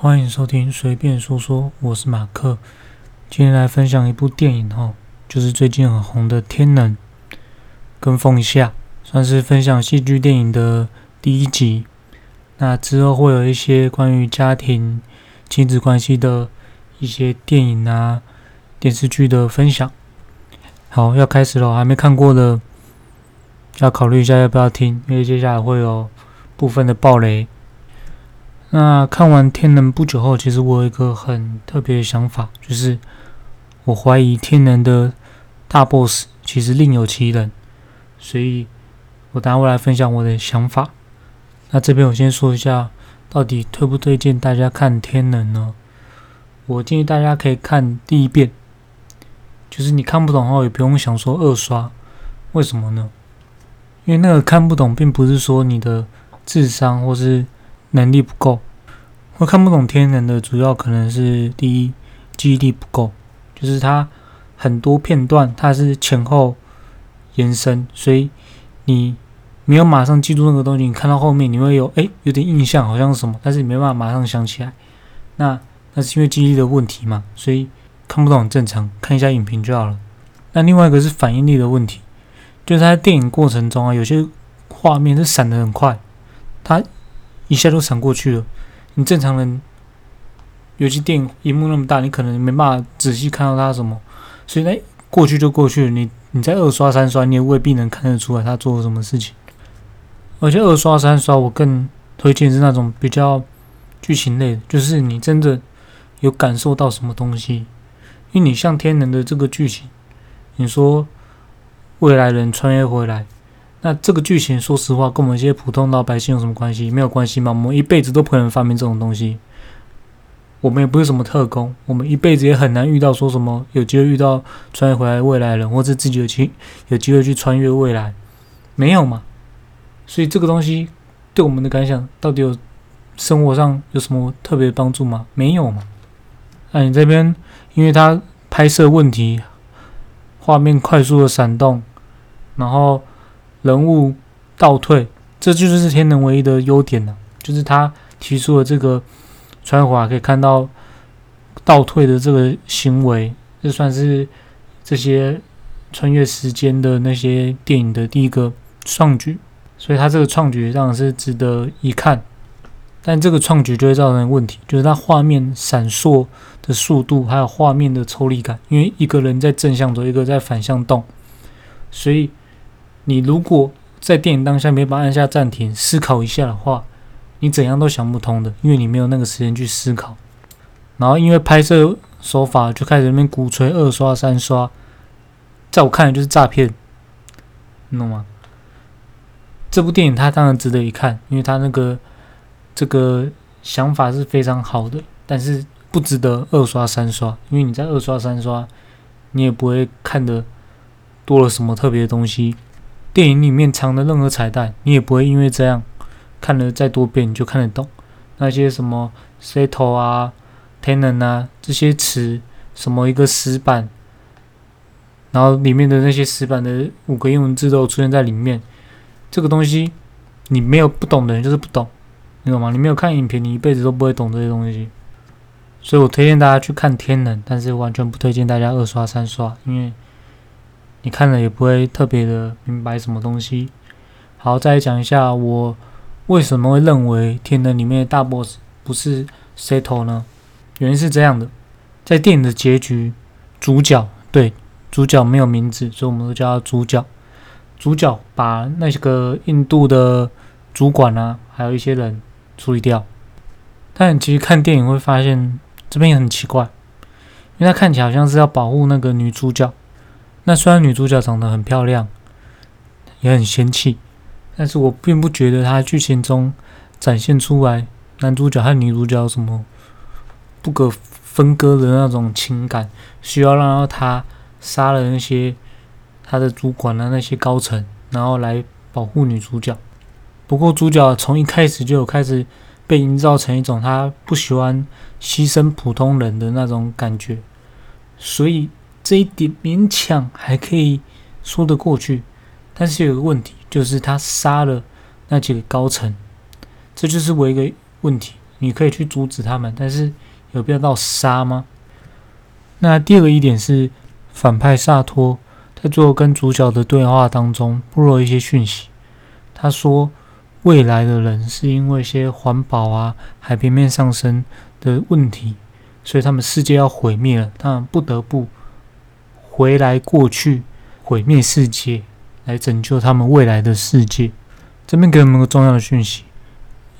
歡迎收聽，隨便說說，我是馬克。今天來分享一部電影哦，就是最近很紅的《天能》，跟風一下，算是分享戲劇電影的第一集。那之後會有一些關於家庭、親子關係的一些電影啊、電視劇的分享。好，要開始了，還沒看過的要考慮一下要不要聽，因為接下來會有部分的暴雷。那看完《天能》不久後，其實我有一個很特別的想法，就是我懷疑《天能》的大 boss 其實另有其人，所以我等下會來分享我的想法。那這邊我先說一下，到底推不推薦大家看《天能》呢？我建議大家可以看第一遍，就是你看不懂的話，也不用想說二刷。為什麼呢？因為那個看不懂，並不是說你的智商或是，能力不夠，會看不懂天能的主要可能是第一，記憶力不夠，就是它很多片段它是前後延伸，所以你沒有馬上記住那個東西，你看到後面你會有誒，有點印象好像是什麼，但是你沒辦法馬上想起來，那那是因為記憶力的問題嘛，所以看不懂很正常，看一下影評就好了。那另外一個是反應力的問題，就是在電影過程中啊，有些畫面是閃得很快，它。一下就閃過去了。你正常人，尤其電影熒幕那麼大，你可能沒辦法仔細看到他什麼。所以呢，過去就過去了。你，你再二刷三刷，你也未必能看得出來他做了什麼事情。而且二刷三刷，我更推薦是那種比較劇情類的，就是你真的有感受到什麼東西。因為你像天能的這個劇情，你說未來人穿越回來。那這個劇情，說實話，跟我們一些普通老百姓有什麼關係？沒有關係嘛。我們一輩子都不可能發明這種東西，我們也不是什麼特工，我們一輩子也很難遇到說什麼有機會遇到穿越回來的未來的人，或者自己有去有機會去穿越未來，沒有嘛。所以這個東西對我們的感想，到底有生活上有什麼特別幫助嗎？沒有嘛。那、啊、你這邊因為它拍攝問題，畫面快速的閃動，然後。人物倒退，這就是天能唯一的優點了，就是他提出了這個穿活可以看到倒退的這個行為，這算是這些穿越時間的那些電影的第一個創舉，所以他這個創舉讓人是值得一看，但這個創舉就會造成問題，就是他畫面閃爍的速度，還有畫面的抽離感，因為一個人在正向走，一個在反向動，所以。你如果在電影當下沒辦法按下暫停思考一下的話，你怎樣都想不通的，因為你沒有那個時間去思考。然後因為拍攝手法就開始邊鼓吹二刷三刷，在我看的就是詐騙，你懂嗎？這部電影它當然值得一看，因為它那個這個想法是非常好的，但是不值得二刷三刷，因為你在二刷三刷，你也不會看的多了什麼特別的東西。電影裡面藏的任何彩蛋，你也不會因為這樣看了再多遍，你就看得懂。那些什麼 Sator 啊，天能啊，這些詞，什麼一個石板，然後裡面的那些石板的五個英文字都出現在裡面，這個東西，你沒有，不懂的人就是不懂，你懂嗎？你沒有看影片，你一輩子都不會懂這些東西。所以我推薦大家去看天能，但是完全不推薦大家二刷三刷，因為，你看了也不會特別的明白什麼東西。好，再來講一下我為什麼會認為《天能》裡面的大 boss 不是薩托呢？原因是這樣的：在電影的結局，主角，對，主角沒有名字，所以我們都叫他主角。主角把那些個印度的主管啊，還有一些人處理掉。但其實看電影會發現，這邊也很奇怪，因為他看起來好像是要保護那個女主角。那雖然女主角長得很漂亮，也很仙氣，但是我並不覺得她劇情中展現出來男主角和女主角什麼不可分割的那種情感，需要讓他殺了那些他的主管的那些高層，然後來保護女主角。不過主角從一開始就有開始被營造成一種他不喜歡犧牲普通人的那種感覺，所以。這一點勉強還可以說得過去，但是有個問題，就是他殺了那幾個高層，這就是我一個問題。你可以去阻止他們，但是有必要到殺嗎？那第二個疑點是，反派薩托在最後跟主角的對話當中，透露一些訊息。他說，未來的人是因為一些環保啊、海平面上升的問題，所以他們世界要毀滅了，他們不得不。回來過去毀滅世界，來拯救他們未來的世界。這邊給我們一個重要的訊息，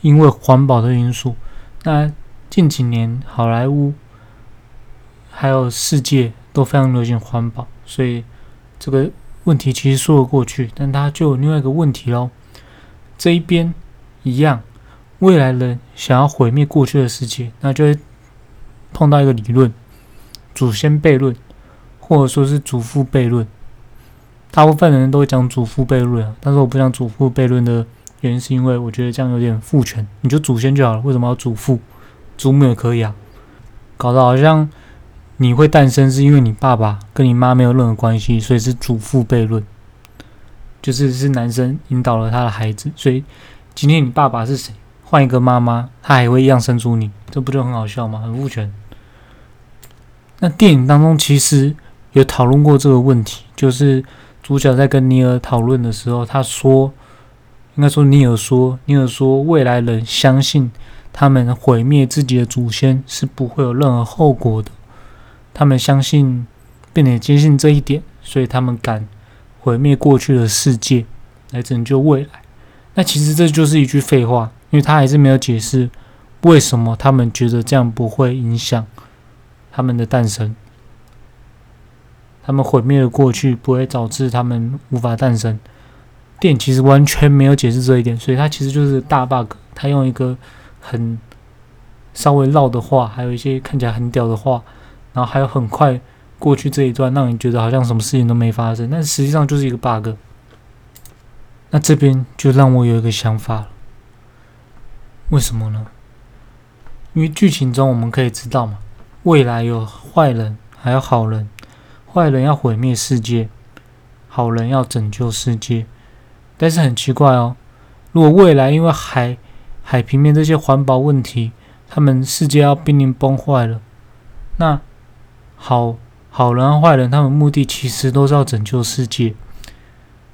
因為環保的因素，那近幾年好萊塢還有世界都非常流行環保，所以這個問題其實說得過去。但它就有另外一個問題嘍、哦，這一邊一樣，未來人想要毀滅過去的世界，那就會碰到一個理論——祖先悖論。或者說是祖父悖論，大部分人都會講祖父悖論啊，但是我不講祖父悖論的原因是因為我覺得這樣有點父權，你就祖先就好了，為什麼要祖父？祖母也可以啊？搞得好像你會誕生是因為你爸爸跟你媽沒有任何關係，所以是祖父悖論，就是是男生引導了他的孩子，所以今天你爸爸是誰？換一個媽媽，他還會一樣生出你，這不就很好笑嗎？很父權。那電影當中其實。也討論過這個問題，就是主角在跟尼爾討論的時候，他說，應該說尼爾說，尼爾說，未來人相信他們毀滅自己的祖先是不會有任何後果的，他們相信並且堅信這一點，所以他們敢毀滅過去的世界來拯救未來。那其實這就是一句廢話，因為他還是沒有解釋為什麼他們覺得這樣不會影響他們的誕生。他們毀滅了，過去不會導致他們無法誕生。電影其實完全沒有解釋這一點，所以它其實就是大 bug。它用一個很稍微繞的話，還有一些看起來很屌的話，然後還有很快過去這一段，讓你覺得好像什麼事情都沒發生，但實際上就是一個 bug。那這邊就讓我有一個想法了，為什麼呢？因為劇情中我們可以知道嘛，未來有壞人，還有好人。壞人要毀滅世界，好人要拯救世界。但是很奇怪哦，如果未來因為海海平面這些環保問題，他們世界要瀕臨崩壞了，那好好人和壞人，他們目的其實都是要拯救世界。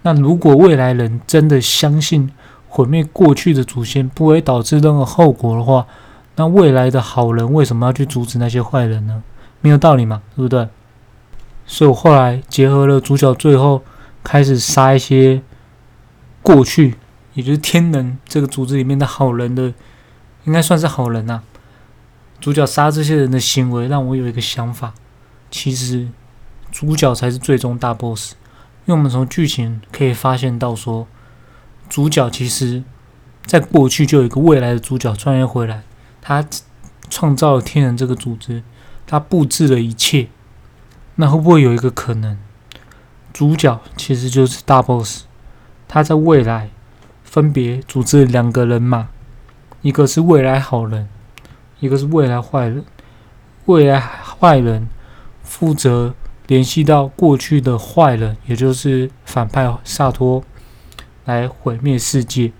那如果未來人真的相信毀滅過去的祖先不會導致任何後果的話，那未來的好人為什麼要去阻止那些壞人呢？沒有道理嘛，對不對？所以，我後來結合了主角最後開始殺一些過去，也就是天能這個組織裡面的好人的，應該算是好人吶、啊。主角殺這些人的行為，讓我有一個想法：其實主角才是最終大 boss。因為我們從劇情可以發現到說，主角其實在過去就有一個未來的主角穿越回來，他創造了天能這個組織，他布置了一切。那會不會有一個可能，主角其實就是大 boss？他在未來分別組織兩個人馬，一個是未來好人，一個是未來壞人。未來壞人負責聯繫到過去的壞人，也就是反派薩托，來毀滅世界。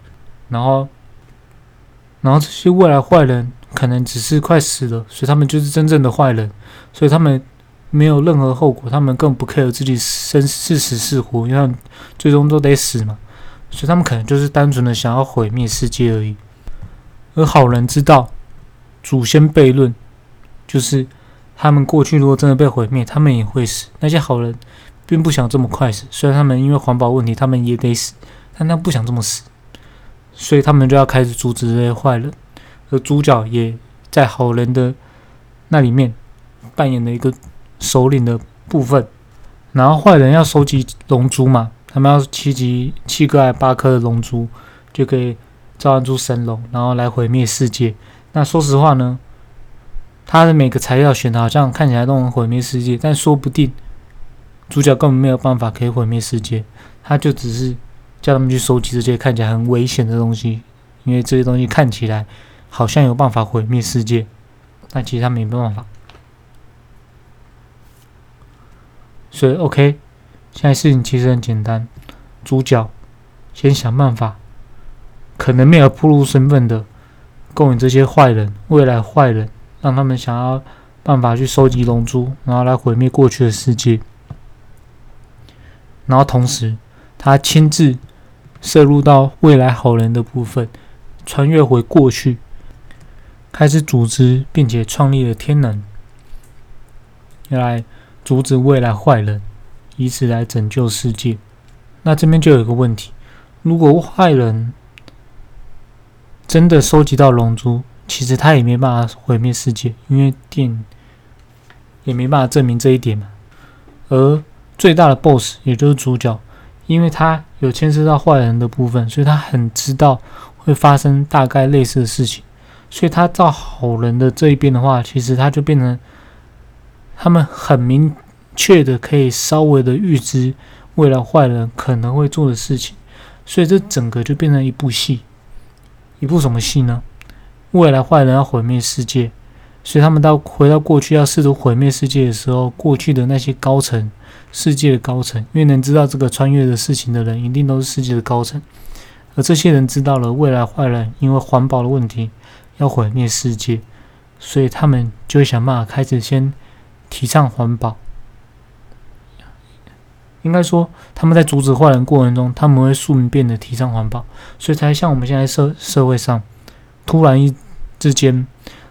然後，然後這些未來壞人可能只是快死了，所以他們就是真正的壞人，所以他們。沒有任何後果，他們更不 care 自己生是死是活，因為他們最終都得死嘛。所以他們可能就是單純的想要毀滅世界而已。而好人知道祖先悖論，就是他們過去如果真的被毀滅，他們也會死。那些好人並不想這麼快死，雖然他們因為環保問題他們也得死，但他們不想這麼死，所以他們就要開始阻止這些壞人。而主角也在好人的那裡面扮演了一個。首領的部分，然後壞人要收集龍珠嘛，他們要七級七顆還八顆的龍珠，就可以召喚出神龍，然後來毀滅世界。那說實話呢，他的每個材料選的好像看起來都能毀滅世界，但說不定主角根本沒有辦法可以毀滅世界，他就只是叫他們去收集這些看起來很危險的東西，因為這些東西看起來好像有辦法毀滅世界，但其實他沒辦法。所以，OK，現在事情其實很簡單。主角先想辦法，可能沒有暴露身份的，勾引這些壞人、未來壞人，讓他們想要辦法去收集龍珠，然後來毀滅過去的世界。然後同時，他親自攝入到未來好人的部分，穿越回過去，開始組織並且創立了天能。原來。阻止未來壞人，以此來拯救世界。那這邊就有一個問題：如果壞人真的收集到龍珠，其實他也沒辦法毀滅世界，因為電影也沒辦法證明這一點嘛。而最大的 BOSS 也就是主角，因為他有牽涉到壞人的部分，所以他很知道會發生大概類似的事情，所以他造好人的這一邊的話，其實他就變成。他們很明確的，可以稍微的預知未來壞人可能會做的事情，所以這整個就變成一部戲，一部什麼戲呢？未來壞人要毀滅世界，所以他們到回到過去要試圖毀滅世界的時候，過去的那些高層，世界的高層，因為能知道這個穿越的事情的人，一定都是世界的高層，而這些人知道了未來壞人因為環保的問題要毀滅世界，所以他們就會想辦法開始先。提倡環保，應該說他們在阻止壞人過程中，他們會順便的提倡環保，所以才像我們現在社社會上，突然一之間，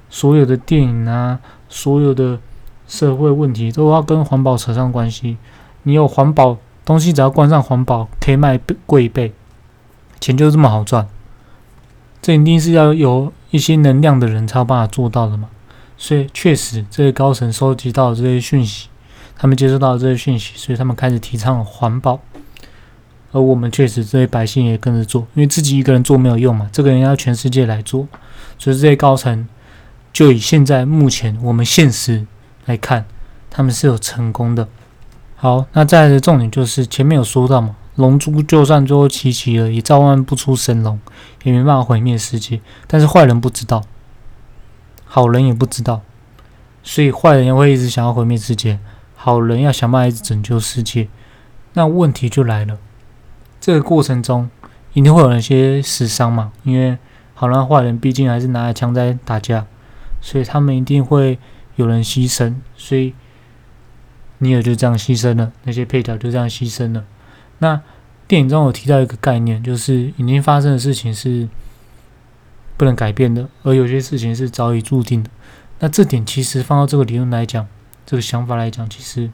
所有的電影啊，所有的社會問題都要跟環保扯上關係。你有環保東西，只要冠上環保，可以賣貴一倍，錢就這麼好賺。這一定是要有一些能量的人才有辦法做到的嘛。所以確實，這些高層收集到了這些訊息，他們接收到了這些訊息，所以他們開始提倡環保。而我們確實，這些百姓也跟着做，因為自己一個人做沒有用嘛，這個人要全世界來做。所以這些高層就以現在目前我們現實來看，他們是有成功的。好，那再來的重點就是前面有說到嘛，龍珠就算最後集齊了，也召喚不出神龍，也沒辦法毀滅世界。但是壞人不知道。好人也不知道，所以壞人也會一直想要毀滅世界，好人要想辦法拯救世界。那問題就來了，這個過程中一定會有一些死傷嘛，因為好人壞人畢竟還是拿着槍在打架，所以他們一定會有人犧牲。所以尼爾就這樣犧牲了，那些配角就這樣犧牲了。那電影中有提到一個概念，就是已經發生的事情是。不能改變的，而有些事情是早已注定的。那這點其實放到這個理論來講，這個想法來講，其實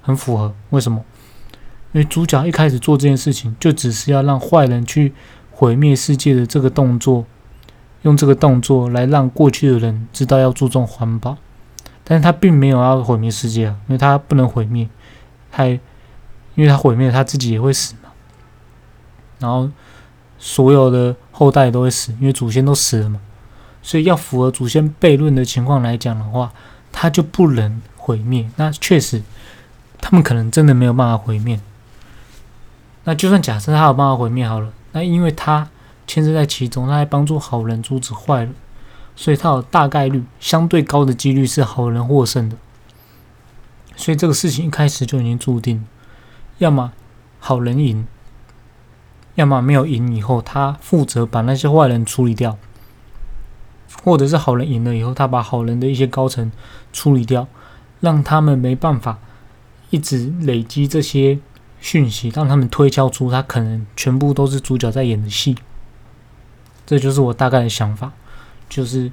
很符合。為什麼？因為主角一開始做這件事情，就只是要讓壞人去毀滅世界的這個動作，用這個動作來讓過去的人知道要注重環保。但是他並沒有要毀滅世界啊，因為他不能毀滅，還因為他毀滅他自己也會死嘛。然後所有的。後代都會死，因為祖先都死了嘛，所以要符合祖先悖論的情況來講的話，他就不能毀滅。那確實，他們可能真的沒有辦法毀滅。那就算假設他有辦法毀滅好了，那因為他牽涉在其中，他還幫助好人阻止壞人，所以他有大概率、相對高的幾率是好人獲勝的。所以這個事情一開始就已經注定了，要麼好人贏。要麼沒有贏以後，他負責把那些壞人處理掉；或者是好人贏了以後，他把好人的一些高層處理掉，讓他們沒辦法一直累積這些訊息，讓他們推敲出他可能全部都是主角在演的戲。這就是我大概的想法，就是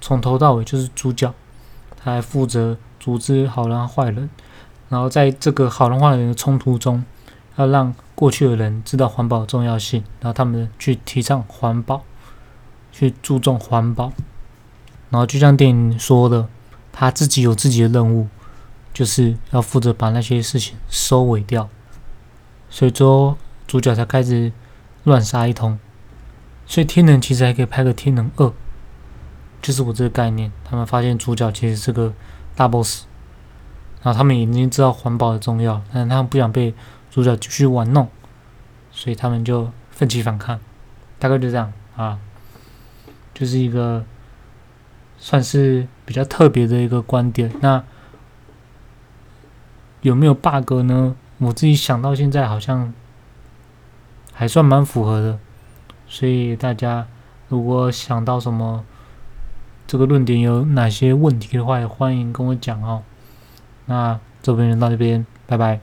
從頭到尾就是主角，他還負責組織好人和壞人，然後在這個好人壞人的衝突中。要讓過去的人知道環保的重要性，然後他們去提倡環保，去注重環保。然後就像電影說的，他自己有自己的任務，就是要負責把那些事情收尾掉。所以之後主角才開始亂殺一通。所以天能其實還可以拍個《天能二》，就是我這個概念。他們發現主角其實是個大 boss，然後他們已經知道環保的重要，但是他們不想被。主角繼續玩弄，所以他們就奮起反抗，大概就這樣啊，就是一個算是比較特別的一個觀點。那有沒有 bug 呢？我自己想到現在好像還算蠻符合的，所以大家如果想到什麼這個論點有哪些問題的話，也歡迎跟我講哦。那這邊就到這邊，拜拜。